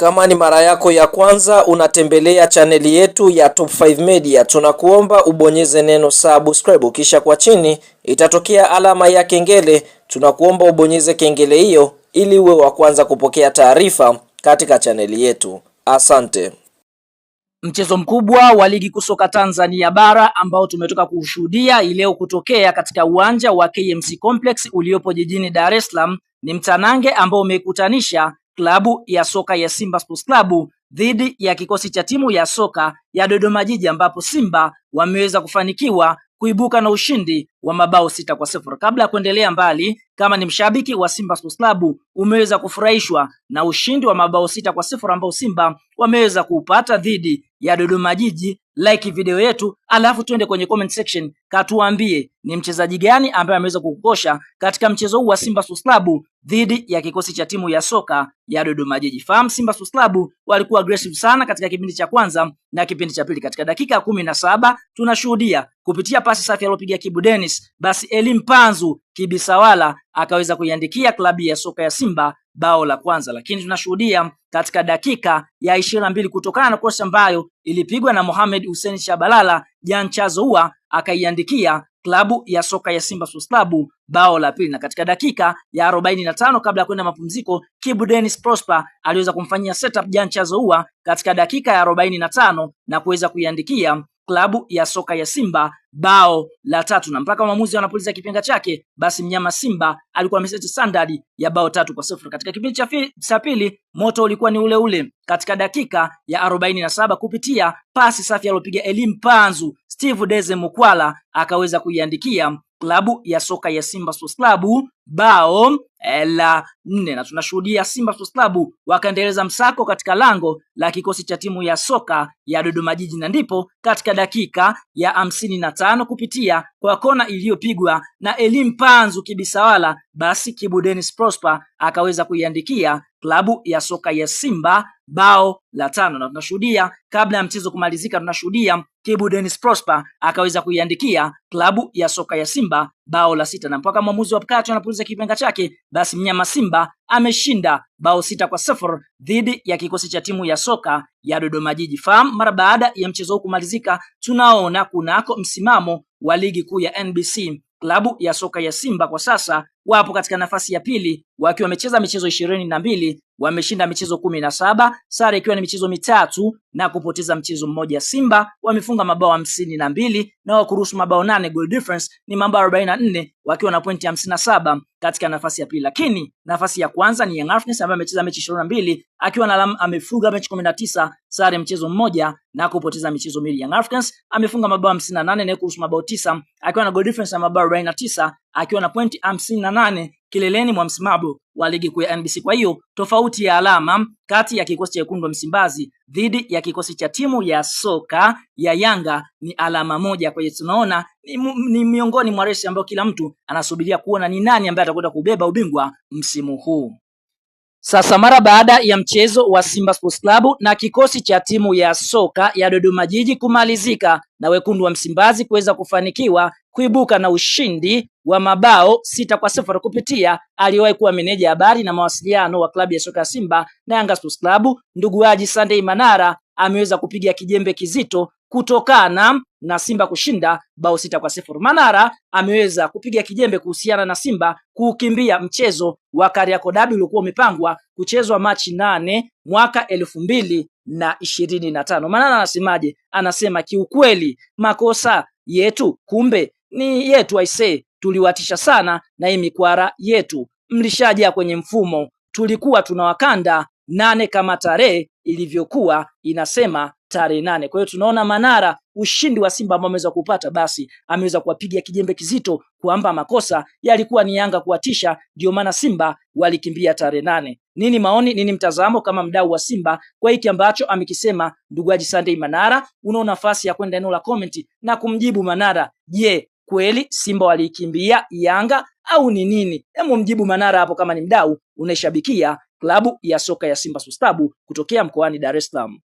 Kama ni mara yako ya kwanza unatembelea chaneli yetu ya Top 5 Media, tunakuomba ubonyeze neno subscribe, kisha kwa chini itatokea alama ya kengele. Tunakuomba ubonyeze kengele hiyo ili uwe wa kwanza kupokea taarifa katika chaneli yetu. Asante. Mchezo mkubwa wa ligi kuu soka Tanzania bara ambao tumetoka kuushuhudia ileo kutokea katika uwanja wa KMC Complex uliopo jijini Dar es Salaam ni mtanange ambao umekutanisha klabu ya soka ya Simba Sports Club dhidi ya kikosi cha timu ya soka ya Dodoma Jiji, ambapo Simba wameweza kufanikiwa kuibuka na ushindi wa mabao sita kwa sifuri. Kabla ya kuendelea mbali, kama ni mshabiki wa Simba Sports Club, umeweza kufurahishwa na ushindi wa mabao sita kwa sifuri ambao Simba wameweza kuupata dhidi ya Dodoma Jiji, like video yetu, alafu tuende kwenye comment section, katuambie ni mchezaji gani ambaye ameweza kukosha katika mchezo huu wa Simba Sports Club dhidi ya kikosi cha timu ya soka ya Dodoma Jiji. Fahamu Simba Sports Club walikuwa aggressive sana katika kipindi cha kwanza na kipindi cha pili. Katika dakika ya kumi na saba tunashuhudia kupitia pasi safi aliyopiga Kibu Dennis, basi Elim Panzu Kibisawala akaweza kuiandikia klabu ya soka ya Simba bao la kwanza, lakini tunashuhudia katika dakika ya ishirini na mbili kutokana na kosa ambayo ilipigwa na Mohamed Hussein Shabalala Jan huwa akaiandikia klabu ya soka ya Simba Sports Club bao la pili, na katika dakika ya arobaini na tano kabla ya kwenda mapumziko, Kibu Dennis Prosper aliweza kumfanyia setup Jan huwa katika dakika ya arobaini na tano na kuweza kuiandikia klabu ya soka ya Simba bao la tatu, na mpaka mwamuzi anapuliza kipenga chake, basi mnyama Simba alikuwa ameseti standard ya bao tatu kwa sifuri. Katika kipindi cha pili moto ulikuwa ni ule ule katika dakika ya arobaini na saba kupitia pasi safi aliyopiga Elim Panzu, Steve Deze Mukwala akaweza kuiandikia klabu ya soka ya Simba Sports Club bao la nne na tunashuhudia Simba Sports Club wakaendeleza msako katika lango la kikosi cha timu ya soka ya Dodoma Jiji, na ndipo katika dakika ya hamsini na tano kupitia kwa kona iliyopigwa na Elim Panzu Kibisawala, basi Kibu Dennis Prosper akaweza kuiandikia klabu ya soka ya Simba bao la tano, na tunashuhudia kabla ya mchezo kumalizika, tunashuhudia Kibu Dennis Prosper akaweza kuiandikia klabu ya soka ya Simba bao la sita, na mpaka mwamuzi wa kati anapuliza kipenga chake, basi mnyama Simba ameshinda bao sita kwa sifuri dhidi ya kikosi cha timu ya soka ya Dodoma Jiji Farm. Mara baada ya mchezo huu kumalizika, tunaona kunako msimamo wa ligi kuu ya NBC klabu ya soka ya Simba kwa sasa wapo katika nafasi ya pili wakiwa wamecheza michezo ishirini na mbili wameshinda michezo kumi na saba sare ikiwa ni michezo mitatu na kupoteza mchezo mmoja. Simba wamefunga mabao hamsini na mbili na wao kuruhusu mabao nane, goal difference ni mambo arobaini na nne wakiwa na pointi hamsini na saba katika nafasi ya pili, lakini nafasi ya kwanza ni Young Africans ambaye amecheza mechi ishirini na mbili akiwa na alama, amefunga mechi kumi na tisa sare mchezo mmoja na kupoteza michezo miwili. Young Africans amefunga mabao hamsini na nane na kuruhusu mabao tisa akiwa na goal difference ya mabao arobaini na tisa akiwa na pointi hamsini na nane kileleni mwa msimamo wa ligi kuu ya NBC. Kwa hiyo tofauti ya alama kati ya kikosi cha wekundu wa Msimbazi dhidi ya kikosi cha timu ya soka ya Yanga ni alama moja. Kwa hiyo tunaona ni, ni miongoni mwa resi ambayo kila mtu anasubiria kuona ni nani ambaye atakwenda kubeba ubingwa msimu huu. Sasa mara baada ya mchezo wa Simba Sports Club na kikosi cha timu ya soka ya Dodoma Jiji kumalizika na wekundu wa Msimbazi kuweza kufanikiwa kuibuka na ushindi wa mabao sita kwa sifuri kupitia aliyewahi kuwa meneja habari na mawasiliano wa klabu ya soka ya Simba na Yanga Sports Club, ndugu Haji Sunday Manara ameweza kupiga kijembe kizito kutokana na Simba kushinda bao sita kwa sifuri. Manara ameweza kupiga kijembe kuhusiana na Simba kukimbia mchezo wa Kariakoo Derby uliokuwa umepangwa kuchezwa Machi nane mwaka elfu mbili na ishirini na tano. Manara anasemaje? Anasema kiukweli makosa yetu kumbe ni yetu aisee, tuliwatisha sana na hii mikwara yetu, mlishaja kwenye mfumo, tulikuwa tunawakanda nane kama tarehe ilivyokuwa inasema tarehe nane. Kwa hiyo tunaona Manara, ushindi wa Simba ambao ameweza kupata, basi ameweza kuwapiga kijembe kizito, kwamba makosa yalikuwa ni Yanga kuwatisha, ndio maana Simba walikimbia tarehe nane. Nini maoni, nini mtazamo kama mdau wa Simba kwa hiki ambacho amekisema ndugu Haji Sunday Manara? Unao nafasi ya kwenda eneo la comment na kumjibu Manara. Je, kweli Simba waliikimbia Yanga au ni nini? Hemu mjibu Manara hapo kama ni mdau unaishabikia klabu ya soka ya Simba Sustabu kutokea mkoani Dar es Salaam.